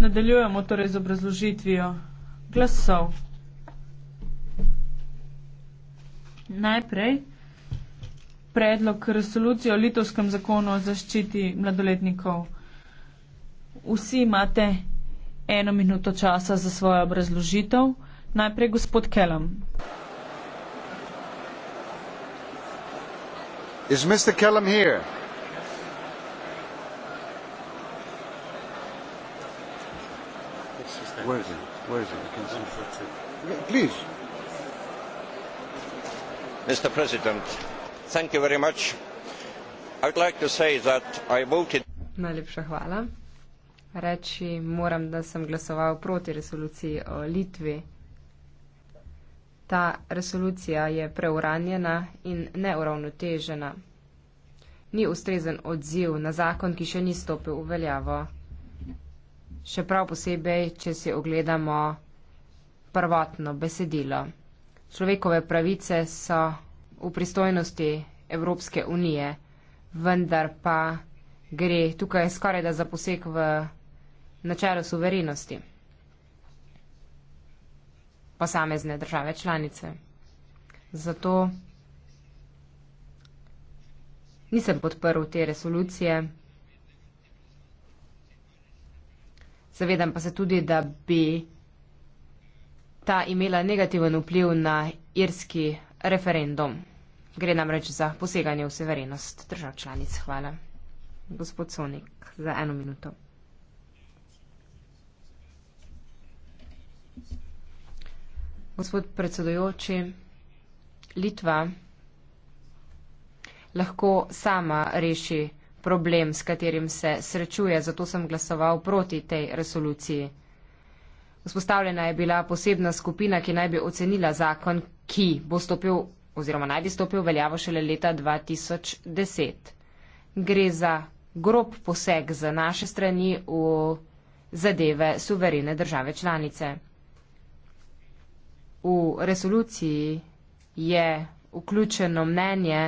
Nadaljujemo torej z obrazložitvijo glasov. Najprej predlog resolucije o litovskem zakonu o zaščiti mladoletnikov. Vsi imate eno minuto časa za svojo obrazložitev. Najprej gospod Kellam. Is Mr. Kellam here? Where is it? Where is it? You can send for it too. Please. Mr. President, thank you very much. I would like to say that I voted. Najlepša hvala. Reči moram, da sem glasoval proti resoluciji o Litvi. Ta resolucija je preuranjena in neuravnotežena. Ni ustrezen odziv na zakon, ki še ni stopil v veljavo še prav posebej, če si ogledamo prvotno besedilo. Človekove pravice so v pristojnosti Evropske unije, vendar pa gre tukaj skoraj da za poseg v načelo suverenosti posamezne države članice. Zato nisem podprl te resolucije. Zavedam pa se tudi, da bi ta imela negativen vpliv na irski referendum. Gre namreč za poseganje v severenost držav članic. Hvala. Gospod Sonik, za eno minuto. Gospod predsedujoči, Litva lahko sama reši problem, s katerim se srečuje, zato sem glasoval proti tej resoluciji. Vzpostavljena je bila posebna skupina, ki naj bi ocenila zakon, ki bo stopil oziroma naj bi stopil veljavo šele leta 2010. Gre za grob poseg za naše strani v zadeve suverene države članice. V resoluciji je vključeno mnenje,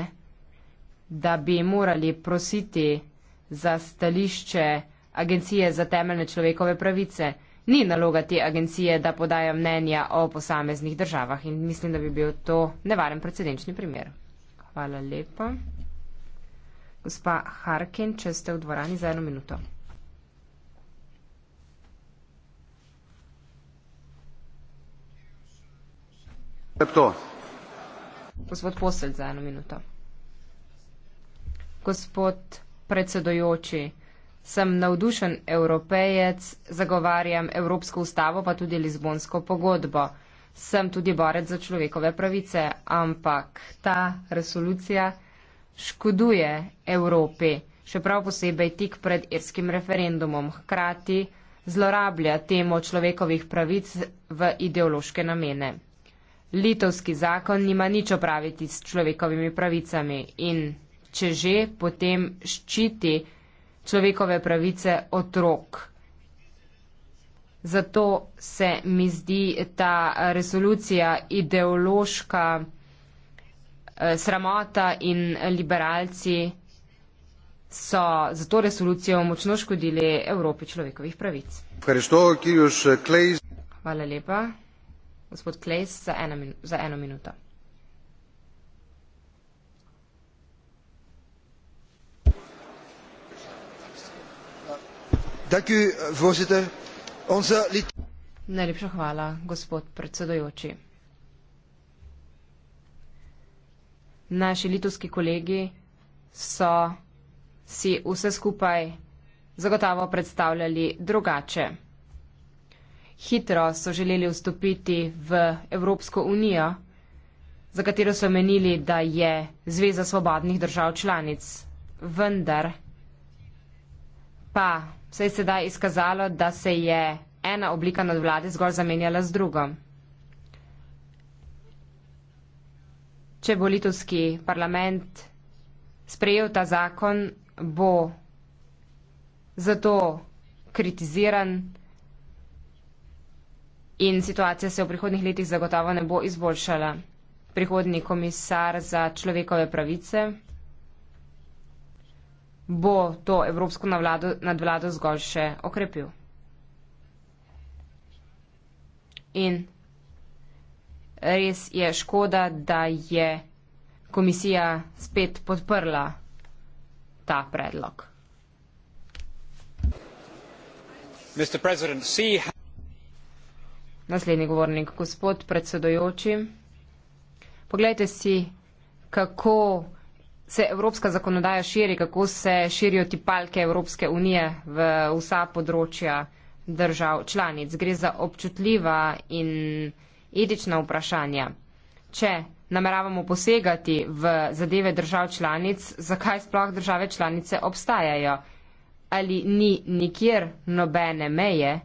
da bi morali prositi za stališče Agencije za temeljne človekove pravice. Ni naloga te agencije, da podaja mnenja o posameznih državah in mislim, da bi bil to nevaren precedenčni primer. Hvala lepa. Gospa Harkin, če ste v dvorani za eno minuto. Gospod Posel za eno minuto gospod predsedojoči. Sem navdušen evropejec, zagovarjam Evropsko ustavo, pa tudi Lizbonsko pogodbo. Sem tudi borec za človekove pravice, ampak ta resolucija škoduje Evropi, še prav posebej tik pred irskim referendumom, hkrati zlorablja temo človekovih pravic v ideološke namene. Litovski zakon nima nič opraviti s človekovimi pravicami in če že potem ščiti človekove pravice otrok. Zato se mi zdi ta resolucija ideološka eh, sramota in liberalci so za to resolucijo močno škodili Evropi človekovih pravic. Hvala lepa, gospod Klejs, za, za eno minuto. Najlepša hvala, gospod predsedojoči. Naši litovski kolegi so si vse skupaj zagotavo predstavljali drugače. Hitro so želeli vstopiti v Evropsko unijo, za katero so menili, da je Zveza svobodnih držav članic. Vendar Pa se je sedaj izkazalo, da se je ena oblika nadvlade zgolj zamenjala z drugo. Če bo litovski parlament sprejel ta zakon, bo zato kritiziran in situacija se v prihodnih letih zagotovo ne bo izboljšala. Prihodni komisar za človekove pravice, bo to evropsko navlado, nadvlado zgolj še okrepil. In res je škoda, da je komisija spet podprla ta predlog. Mr. President, see Naslednji govornik, gospod predsedojoči, poglejte si, kako se evropska zakonodaja širi, kako se širijo tipalke Evropske unije v vsa področja držav članic. Gre za občutljiva in etična vprašanja. Če nameravamo posegati v zadeve držav članic, zakaj sploh države članice obstajajo? Ali ni nikjer nobene meje?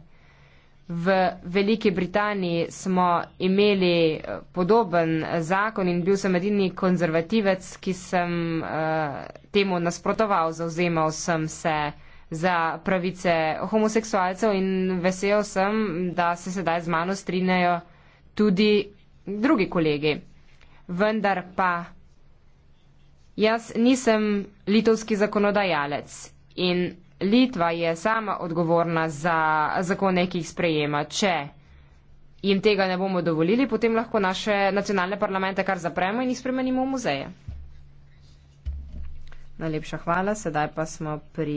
V Veliki Britaniji smo imeli eh, podoben eh, zakon in bil sem edini konzervativec, ki sem uh, temu nasprotoval, zauzemal sem se za pravice homoseksualcev in vesel sem, da se sedaj z mano strinjajo tudi drugi kolegi. Vendar pa jaz nisem litovski zakonodajalec in Litva je sama odgovorna za zakone, ki jih sprejema. Če jim tega ne bomo dovolili, potem lahko naše nacionalne parlamente kar zapremo in jih spremenimo v muzeje. Najlepša hvala. Sedaj pa smo pri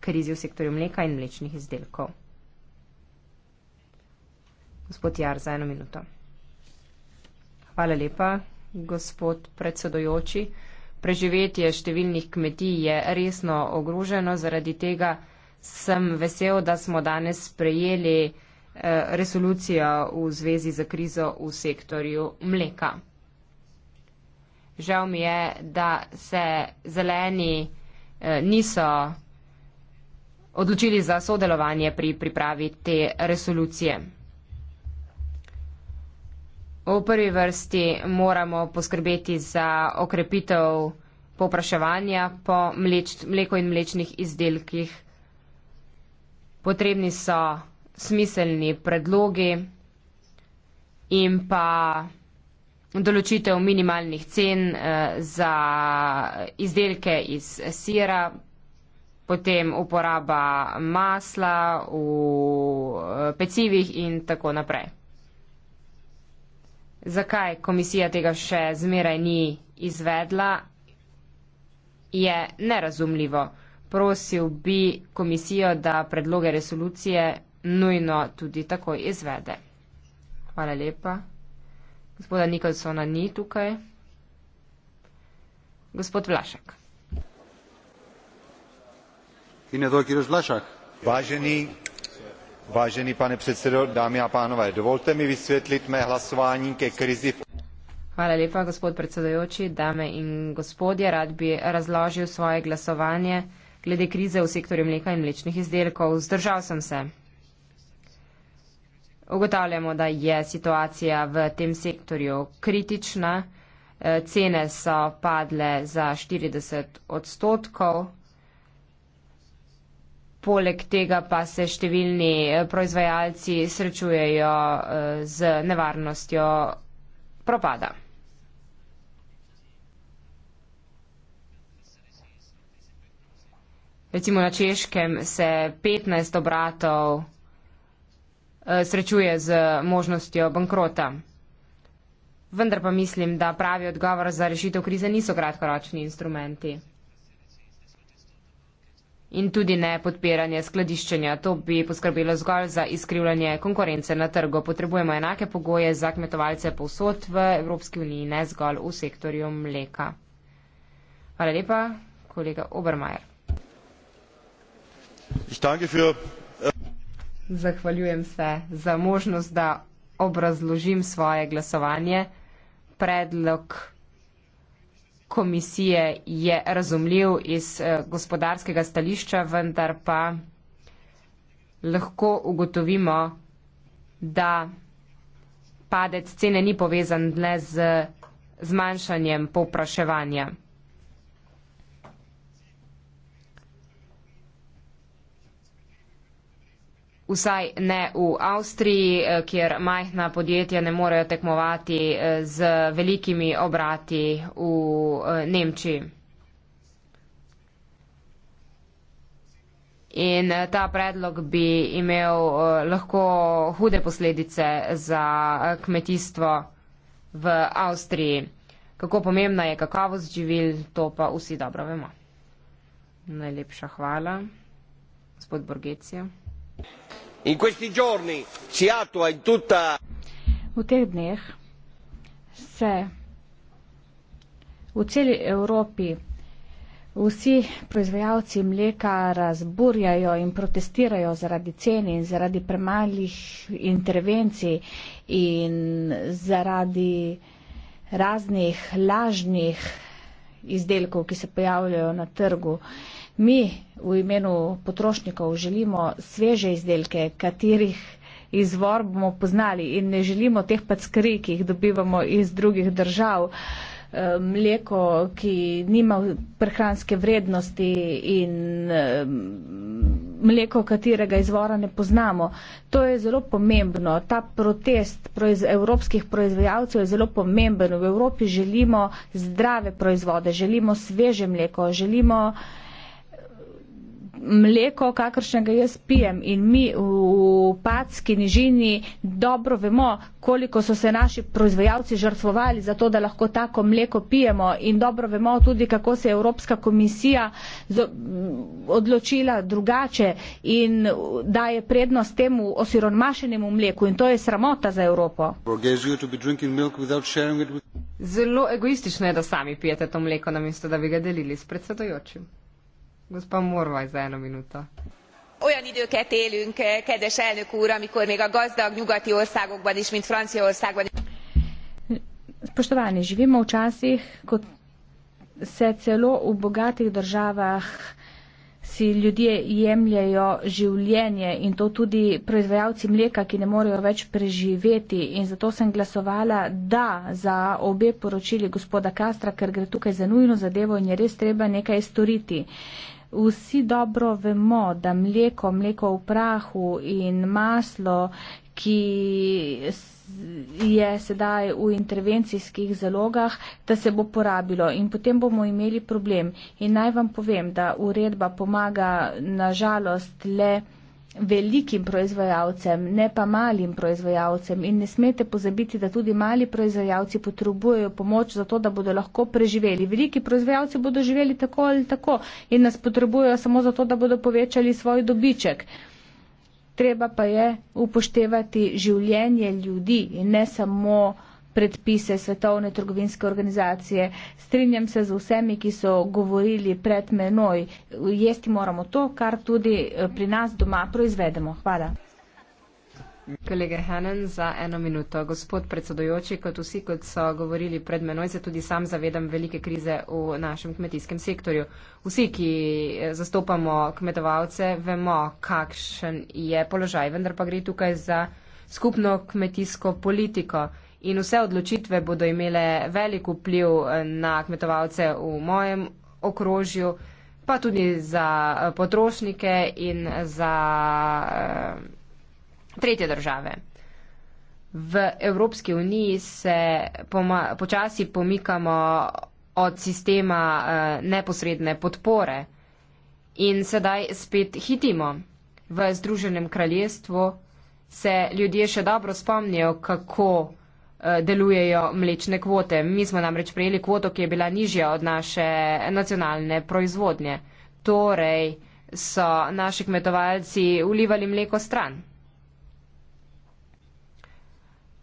krizi v sektorju mleka in mlečnih izdelkov. Gospod Jar, za eno minuto. Hvala lepa, gospod predsedojoči. Preživetje številnih kmetij je resno ogroženo, zaradi tega sem vesel, da smo danes sprejeli eh, resolucijo v zvezi za krizo v sektorju mleka. Žal mi je, da se zeleni eh, niso odločili za sodelovanje pri pripravi te resolucije v prvi vrsti moramo poskrbeti za okrepitev popraševanja po mleč, mleko in mlečnih izdelkih. Potrebni so smiselni predlogi in pa določitev minimalnih cen eh, za izdelke iz sira, potem uporaba masla v eh, pecivih in tako naprej zakaj komisija tega še zmeraj ni izvedla, je nerazumljivo. Prosil bi komisijo, da predloge resolucije nujno tudi takoj izvede. Hvala lepa. Gospoda Nikolsona ni tukaj. Gospod Vlašek. In je to, kjer je Vlašek? Važeni vážený pane predsedo dámy a pánové dovolte mi vysvetliť mé hlasování ke krizi Hvala lepa, gospod predsedojoči, dame in gospodje, rad bi razložil svoje glasovanje glede krize v sektorju mleka in mlečnih izdelkov. Zdržal sem se. Ugotavljamo, da je situacija v tem sektorju kritična, eh, cene so padle za 40 odstotkov. Poleg tega pa se številni eh, proizvajalci srečujejo eh, z nevarnostjo propada. Recimo na Češkem se 15 obratov eh, srečuje z možnostjo bankrota. Vendar pa mislim, da pravi odgovor za rešitev krize niso kratkoročni instrumenti in tudi ne podpiranje skladiščenja. To bi poskrbelo zgolj za izkrivljanje konkurence na trgu. Potrebujemo enake pogoje za kmetovalce povsod v Evropski uniji, ne zgolj v sektorju mleka. Hvala lepa, kolega Obermajer. Äh, Zahvaljujem se za možnost, da obrazložim svoje glasovanje. Predlog komisije je razumljiv iz eh, gospodarskega stališča, vendar pa lahko ugotovimo, da padec cene ni povezan le z zmanjšanjem povpraševanja. Vsaj ne v Avstriji, eh, kjer majhna podjetja ne morejo tekmovati eh, z velikimi obrati v eh, Nemčiji. In ta predlog bi imel lahko hude posledice za kmetijstvo v Avstriji. Kako pomembna je kakovost živil, to pa vsi dobro vemo. Najlepša hvala, gospod Borgecija. In questi giorni si attua in tutta... V teh dneh se v celi Evropi vsi proizvajalci mleka razburjajo in protestirajo zaradi cen in zaradi premalih intervencij in zaradi raznih lažnih izdelkov, ki se pojavljajo na trgu. Uh, mi v imenu potrošnikov želimo sveže izdelke, katerih izvor bomo poznali in ne želimo teh packri, ki jih dobivamo iz drugih držav, eh, mleko, ki nima prehranske vrednosti in eh, mleko, katerega izvora ne poznamo. To je zelo pomembno. Ta protest proiz evropskih proizvajalcev je zelo pomemben. V Evropi želimo zdrave proizvode, želimo sveže mleko, želimo mleko, kakršnega jaz pijem. In mi v Patski nižini dobro vemo, koliko so se naši proizvajalci žrtvovali za to, da lahko tako mleko pijemo. In dobro vemo tudi, kako se je Evropska komisija odločila drugače in daje prednost temu osiromašenemu mleku. In to je sramota za Evropo. Zelo egoistično je, da sami pijete to mleko, namesto da bi ga delili s predsedojočim. Gospa Morvaj za eno minuto. Olyan időket élünk, eh, kedves elnök úr, amikor még a gazdag nyugati országokban is, mint Franciaországban. Spoštovani, živimo v časih, ko se celo v bogatih državah si ljudje jemljajo življenje in to tudi proizvajalci mleka, ki ne morejo več preživeti. In zato sem glasovala da za obe poročili gospoda Kastra, ker gre tukaj za nujno zadevo in je res treba nekaj storiti vsi dobro vemo, da mleko, mleko v prahu in maslo, ki je sedaj v intervencijskih zalogah, da se bo porabilo in potem bomo imeli problem. In naj vam povem, da uredba pomaga na žalost le velikim proizvajalcem, ne pa malim proizvajalcem. In ne smete pozabiti, da tudi mali proizvajalci potrebujejo pomoč za to, da bodo lahko preživeli. Veliki proizvajalci bodo živeli tako ali tako in nas potrebujejo samo zato, da bodo povečali svoj dobiček. Treba pa je upoštevati življenje ljudi in ne samo predpise Svetovne trgovinske organizacije. Strinjam se z vsemi, ki so govorili pred menoj. Jesti moramo to, kar tudi eh, pri nas doma proizvedemo. Hvala. Kolega Henen, za eno minuto. Gospod predsedojoči, kot vsi, kot so govorili pred menoj, se tudi sam zavedam velike krize v našem kmetijskem sektorju. Vsi, ki eh, zastopamo kmetovalce, vemo, kakšen je položaj, vendar pa gre tukaj za skupno kmetijsko politiko in vse odločitve bodo imele velik vpliv na kmetovalce v mojem okrožju, pa tudi za eh, potrošnike in za eh, tretje države. V Evropski uniji se počasi pomikamo od sistema eh, neposredne podpore in sedaj spet hitimo. V Združenem kraljestvu se ljudje še dobro spomnijo, kako delujejo mlečne kvote. Mi smo namreč prejeli kvoto, ki je bila nižja od naše nacionalne proizvodnje. Torej so naši kmetovalci ulivali mleko stran.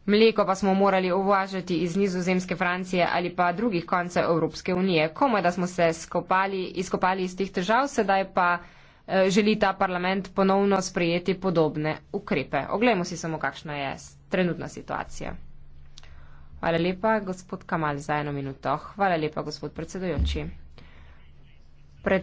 Mleko pa smo morali uvažati iz nizozemske Francije ali pa drugih koncev Evropske unije. Komaj da smo se skopali, izkopali iz teh težav, sedaj pa eh, želi ta parlament ponovno sprejeti podobne ukrepe. Oglejmo si samo, kakšna je trenutna situacija. Hvala lepa, gospod Kamal, za eno minuto. Hvala lepa, gospod predsedujoči. Pred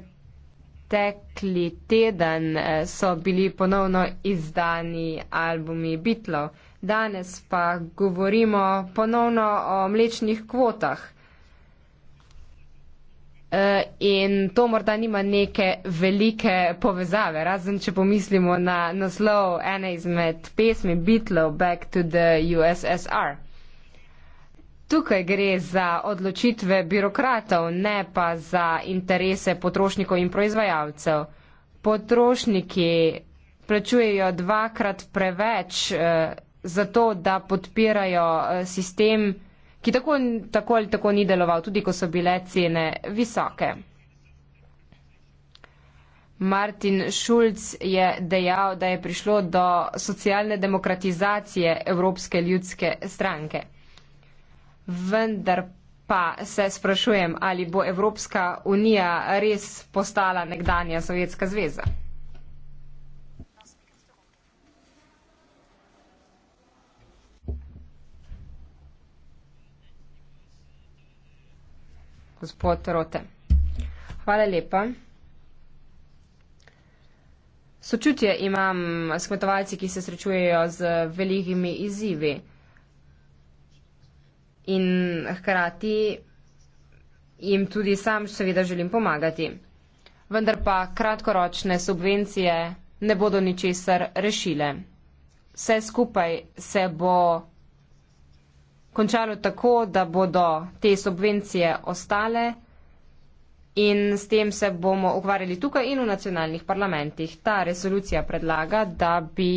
Tekli teden eh, so bili ponovno izdani albumi Beatlov, danes pa govorimo ponovno o mlečnih kvotah. Eh, in to morda nima neke velike povezave, razen če pomislimo na naslov ene izmed pesmi Beatlov Back to the USSR. Tukaj gre za odločitve birokratov, ne pa za interese potrošnikov in proizvajalcev. Potrošniki plačujejo dvakrat preveč eh, za to, da podpirajo eh, sistem, ki tako, tako ali tako ni deloval, tudi ko so bile cene visoke. Martin Šulc je dejal, da je prišlo do socialne demokratizacije Evropske ljudske stranke vendar pa se sprašujem, ali bo Evropska unija res postala nekdanja Sovjetska zveza. Gospod Rote. Hvala lepa. Sočutje imam s kmetovalci, ki se srečujejo z velikimi izzivi in hkrati jim tudi sam seveda želim pomagati. Vendar pa kratkoročne subvencije ne bodo ničesar rešile. Vse skupaj se bo končalo tako, da bodo te subvencije ostale in s tem se bomo ukvarjali tukaj in v nacionalnih parlamentih. Ta resolucija predlaga, da bi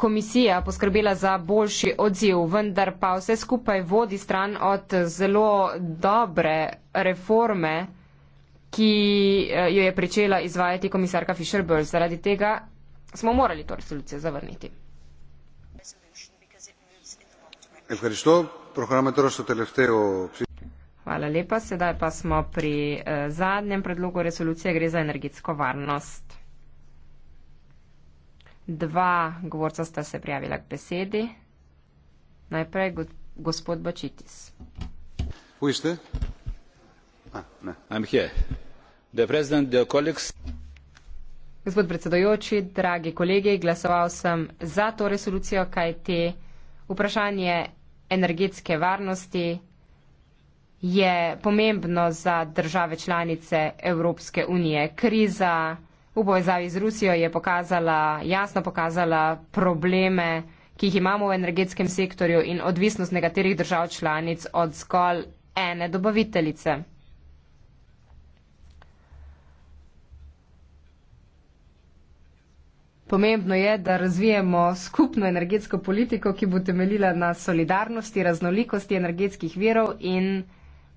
komisija poskrbela za boljši odziv, vendar pa vse skupaj vodi stran od zelo dobre reforme, ki eh, jo je pričela izvajati komisarka Fischer-Burr. Zaradi tega smo morali to resolucijo zavrniti. Hvala lepa. Sedaj pa smo pri eh, zadnjem predlogu resolucije. Gre za energetsko varnost. Dva govorca sta se prijavila k besedi. Najprej gospod Bačitis. Ah, no. gospod predsedojoči, dragi kolegi, glasoval sem za to resolucijo, kaj te vprašanje energetske varnosti je pomembno za države članice Evropske unije. Kriza v povezavi z Rusijo je pokazala, jasno pokazala probleme, ki jih imamo v energetskem sektorju in odvisnost nekaterih držav članic od zgolj ene dobaviteljice. Pomembno je, da razvijemo skupno energetsko politiko, ki bo temeljila na solidarnosti, raznolikosti energetskih virov in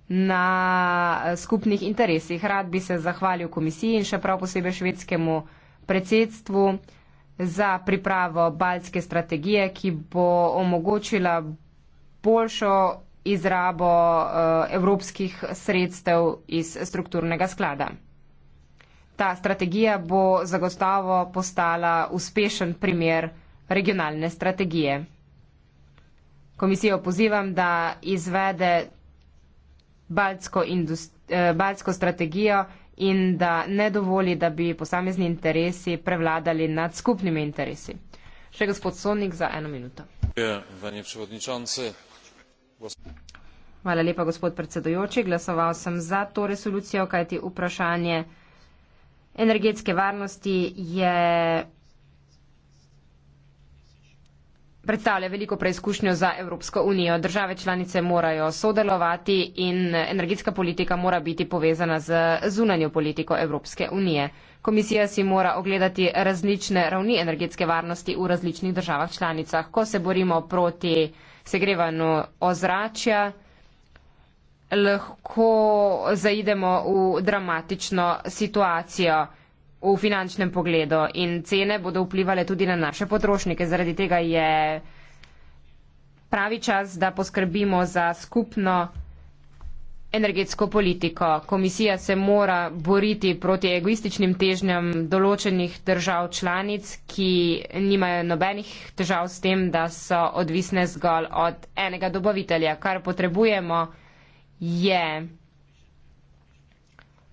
na eh, skupnih interesih. Rad bi se zahvalil komisiji in še prav posebej švedskemu predsedstvu za pripravo baltske strategije, ki bo omogočila boljšo izrabo eh, evropskih sredstev iz strukturnega sklada. Ta strategija bo zagotovo postala uspešen primer regionalne strategije. Komisijo pozivam, da izvede baltsko, eh, baltsko strategijo in da ne dovoli, da bi posamezni interesi prevladali nad skupnimi interesi. Še gospod Sonik za eno minuto. Hvala lepa, gospod predsedujoči. Glasoval sem za to resolucijo, kajti vprašanje energetske varnosti je predstavlja veliko preizkušnjo za Evropsko unijo. Države članice morajo sodelovati in energetska politika mora biti povezana z zunanjo politiko Evropske unije. Komisija si mora ogledati različne ravni energetske varnosti v različnih državah članicah, ko se borimo proti segrevanju ozračja lahko zaidemo v dramatično situacijo v finančnem pogledu in cene bodo vplivali tudi na naše potrošnike. Zaradi tega je pravi čas, da poskrbimo za skupno energetsko politiko. Komisija se mora boriti proti egoističnim težnjam določenih držav članic, ki nimajo nobenih težav s tem, da so odvisne zgolj od enega dobavitelja. Kar potrebujemo je. Yeah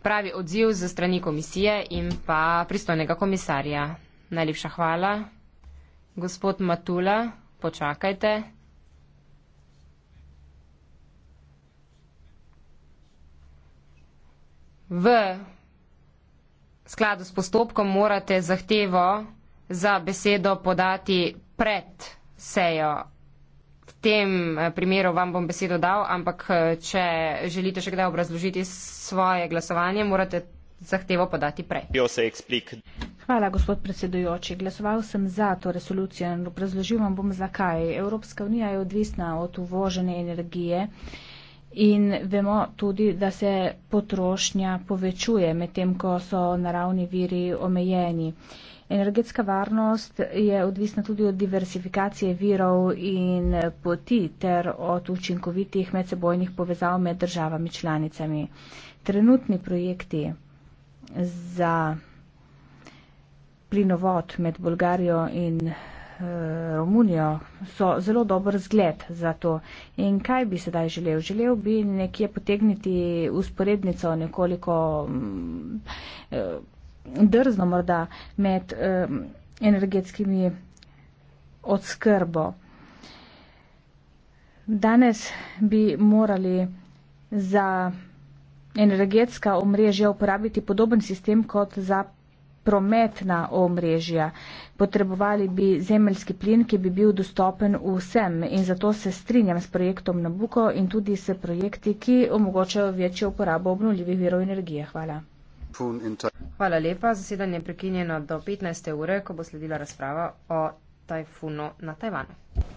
pravi odziv z strani komisije in pa pristojnega komisarja. Najlepša hvala. Gospod Matula, počakajte. V skladu s postopkom morate zahtevo za besedo podati pred sejo tem eh, primeru vam bom besedo dal, ampak eh, če želite še kdaj obrazložiti svoje glasovanje, morate zahtevo podati prej. Hvala, gospod predsedujoči. Glasoval sem za to resolucijo in obrazložil vam bom zakaj. Evropska unija je odvisna od uvožene energije. In vemo tudi, da se potrošnja povečuje, medtem ko so naravni viri omejeni. Energetska varnost je odvisna tudi od diversifikacije virov in poti ter od učinkovitih medsebojnih povezav med državami članicami. Trenutni projekti za plinovod med Bolgarijo in Eh, Romunijo, so zelo dober zgled za to. In kaj bi sedaj želel? Želel bi nekje potegniti usporednico nekoliko mm, eh, drzno morda med eh, energetskimi odskrbo. Danes bi morali za energetska omrežja uporabiti podoben sistem kot za prometna omrežja. Potrebovali bi zemeljski plin, ki bi bil dostopen vsem in zato se strinjam s projektom Nabuko in tudi s projekti, ki omogočajo večjo uporabo obnovljivih virov energije. Hvala. Hvala lepa. Zasedanje je prekinjeno do 15. ure, ko bo sledila razprava o tajfunu na Tajvanu.